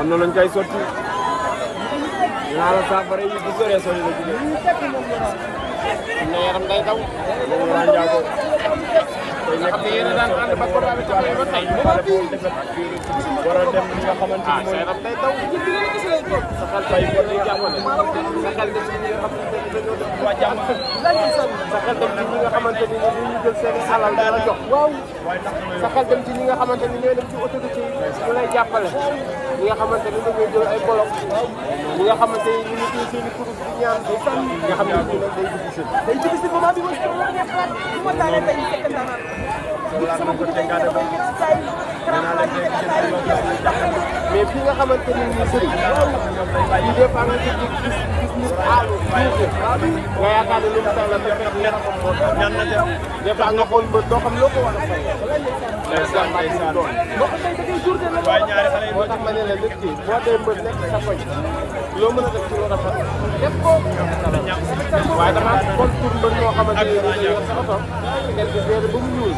am na luñ koy sotti dinaa la saafara yi bu sore sori la jugee na yaram day daw moom la njaago tey nekk ci yéen a daan ànd ba ko rabi taxawee ba tey war a dem li nga xamante ni mooy ah, yaram day daw sa xel tey war na jàmmale sa xel def ci ñi nga xamante ni dañoo def waa jàmm sa xel dem ci ñi nga xamante ni ñu jël seen alal dara jox waaw sa xel dem ci ñi nga xamante ni ñooy dem ci autorité yi ñu lay jàppale ñi nga xamante ne dañoo jël ay bolok ñi nga xamante ne ñu ngi ciy seen i kuréel di ñaan di sànni ñi nga xam ne ñu nag day difficile. day difficile moment bi ma si ma neex xalaat bu ma taalee tey fekk naa naan. voilà man ko tey gaa demoon mais fii nga xamante ne nii sëriñ. lii des fois nga gis gis gis nit aalu duufe. nga yaakaar ne lu mu tax la fekk nekk moo tax. des fois nga xool ba doo xam loo ko war a fay. waaye ñaari xale yi ci ma ne la nit ki boo dee mbër nekk sa koñ loo mën a def ci lu rafet def ko waaye dama kon tur mbër ñoo xamante ne dañuy yor sa oto ngeen di seede ba mu ñuul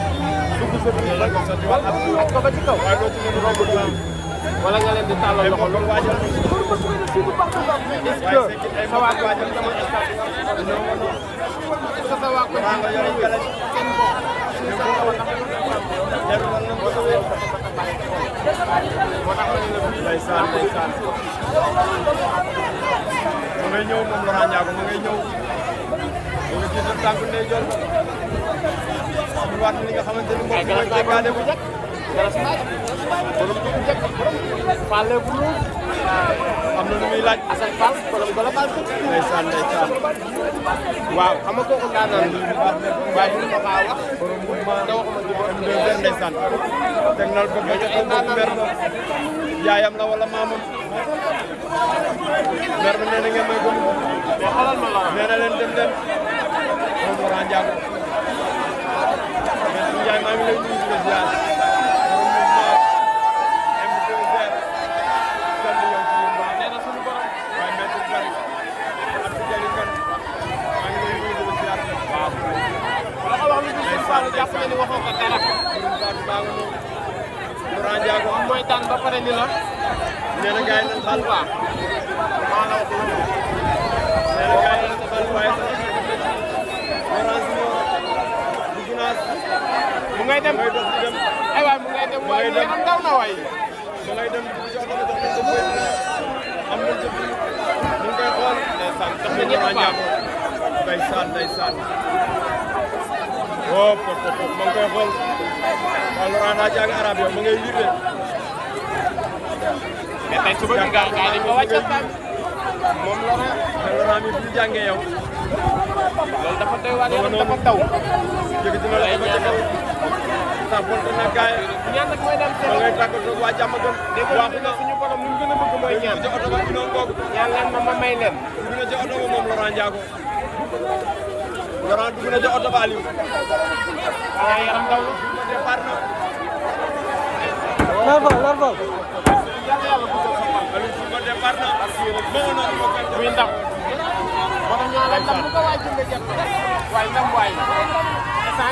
dugg sa biir ba wala ko ba ci kaw wala nga leen di tàllal loxo loolu waajal pour que suñu suñu partenaire bi est-ce que sa waa waajal sama instant bi nga xam ne est-ce que sa waa ko kenn ko ndeysaan ndeysaan mu ngay ñëw moom Laurent Ndiago mu ngay ñëw mu ngi jiital tànk ndey jor ñu waat li nga xamante ni moom mooy dégaane bu njëkk am na lu muy laaj. Assane Fall borom Gola Fall. ndeysaan ndeysaan waaw xam nga kooku daan naan waaye ma faa wax. borom bu ma da waxuma ci borom bu ma ndeysaan. teg na ko ba jox ko mer yaayam la wala maamam. mer bi na ngeen leen dem mel ni na gars na gars yi nañ bal baax. Laurent mu ngay dem mu ngay dox di mu ngay dem waaye na waay. ngay dem dugg ci oto bi dox nañ ko bëri. am nañ ca biir. ñu ngi waaw oh, pop pop pop ma ngi koy xool waaw Laurent daa jàng arab yow ma ngay lire de. mais tey suba bi gaa gaa dañ ko wàccal tam. moom Laurent te Laurent mi bu jàngee yow. loolu dafa doy waar yow dafa taw. jëkk dina la dafa jëkk sa bonte na gaay ñaan nag mooy dem seen ngay tàgg toog waa jàmm gën dégg nga suñu borom mu gën a bëgg mooy ñaan ci oto ba ñu doon toog ñaan leen ma ma may leen ñu ne ci oto ba moom Laurent Ndiago Laurent dugg na ba Aliou. koy muy ndam. nga jot ko. waaye ndam waay. saa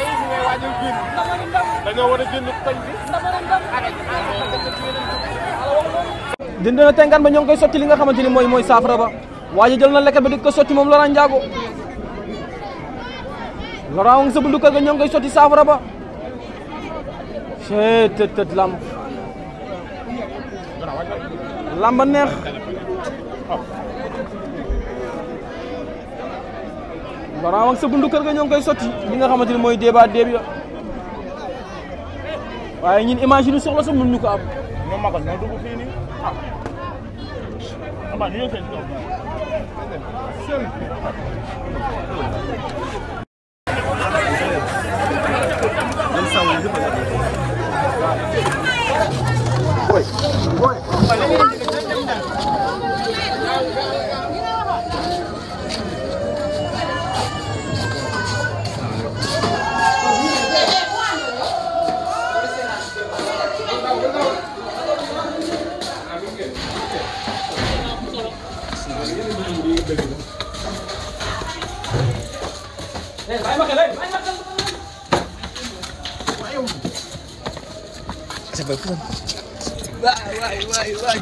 a génn koñ bi. na tengaan ba koy sotti li nga xamante ni mooy mooy saafara ba. waaye na lekk bi di ko sotti moom Laurent Ndiago. Laurent Wong sa bundu kër ga ñoo ngi koy sotti saafara ba tët tët tët lamb lamba neex Laurent Wong kër ga ñoo koy sotti li nga xamante ne mooy débat déeb ya waaye ñun imagine soxla sax mënuñu ko am. Oi. dëkk. waay waay waay waay.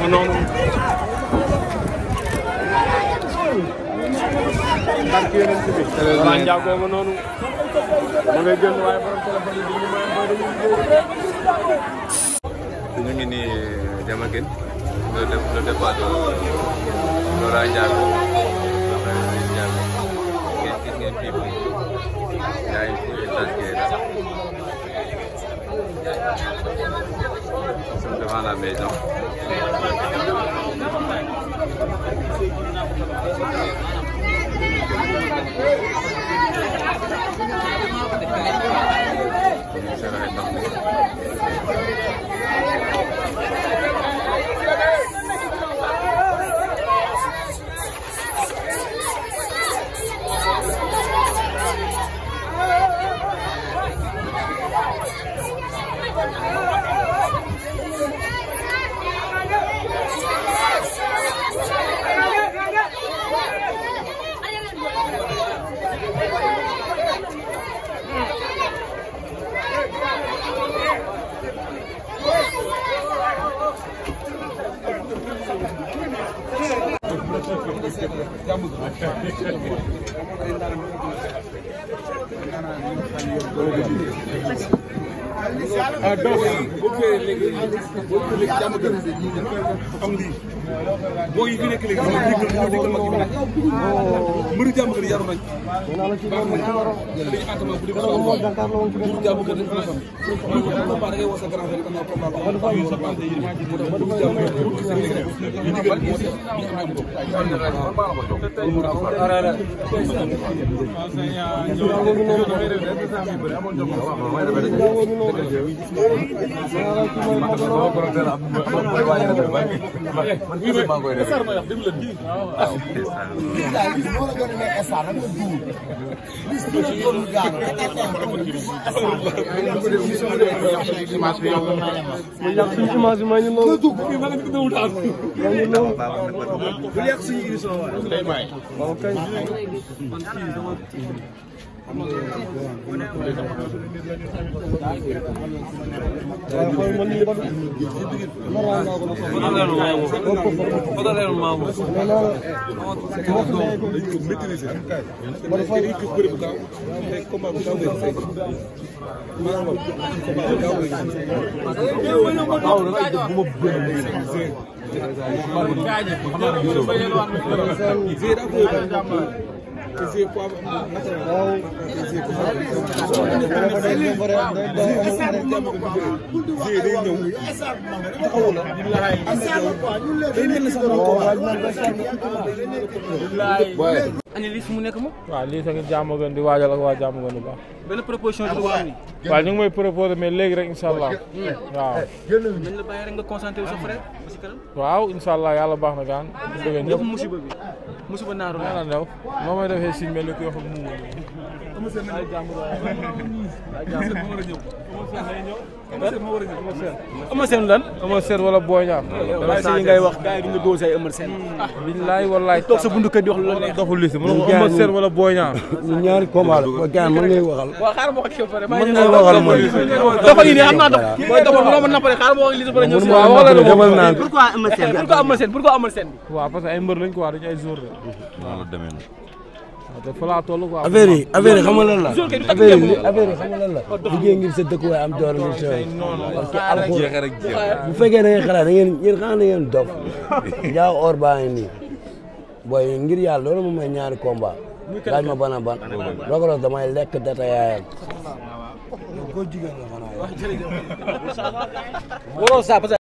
non non non. barke yéen a ngi tudd. Ba Ndiago nga noonu. ma ngay génn waaye borom téléphone yi ñu ngi may ñu ngi nii Diamaguène le, le, le départ de Laura Diago. Qu'est-ce qu'il y a de Il y a une foule qui est là. Ils sont devant la maison. Ça va être ah donc bu fekkee léegi am lii boo yi fi nekk léegi dama déggal ñoo déggal mag yi ba laaj. Oh, mbiru jàmm gën yaru nañ. baax nañ dañu àttama bu dee soo mbiru jàmm gën dañ ko xam. mbiru combat da ngay woo sa grand frère am naa combat ba xam ne sa bande yi moo tax mbiru jàmm gën pour gis rek rek ñu digal moo tax ñu am jàmm ko. man kese maa ngi koy defee ma wax déglu leen kii. waaw kii daal gis nga la gën a nekk instant nag nga duur. bis bi la doon gaaw nga instant duur gis nga instant. image bi yow la. yàq suñu image bi maa ngi noonu. surtout kii maa ngi déglu daal. maa ngi noonu. bu yàq suñu émission waaye. waaw kay. Zero. ani lii fi mu nekk moom. waaw lii sax jàmm gën di waajal ak waa jàmm gën bu baax. benn proposition bi waa nii. waaw ñu ngi may mais léegi rek incha allah. waaw. nañ la yàlla baax na gaan. musuma naaru naar moo may defee siñ mel ni ku wax ak muuma Eumeu Sène na Eumeu Sène lan Eumeu Sène wala Boy Niang ba ci ngay wax gaay duñu doos ay Eumeu Sène billahi wallahi toog sa bundu kër di wax lu la doxul liste mo Eumeu Sène wala Boy Niang ñaari combat la gaay man ngay waxal wa xaar mo xew pare ma ngay waxal mo doxal yi ne am na dox boy doxal mo na pare xaar mo wax liste pare ñëw pourquoi Eumeu Sène pourquoi Eumeu Sène pourquoi Eumeu Sène waaw parce que ay mbër lañ quoi dañ ay jour la te fa laa toll quoi. affaire yi affaire yi xam nga lan la. affaire yi affaire yi xam ngir sa dëkkuwaay am doole ngir sa parce que fekkee da ngeen xalaat da ngeen yéen xam na ngeen dof jaa or baa ngi nii booy ngir yàlla loolu moom mooy ñaari combat laaj ma bana ban rogoros damay lekk data yaayam góor jigéen la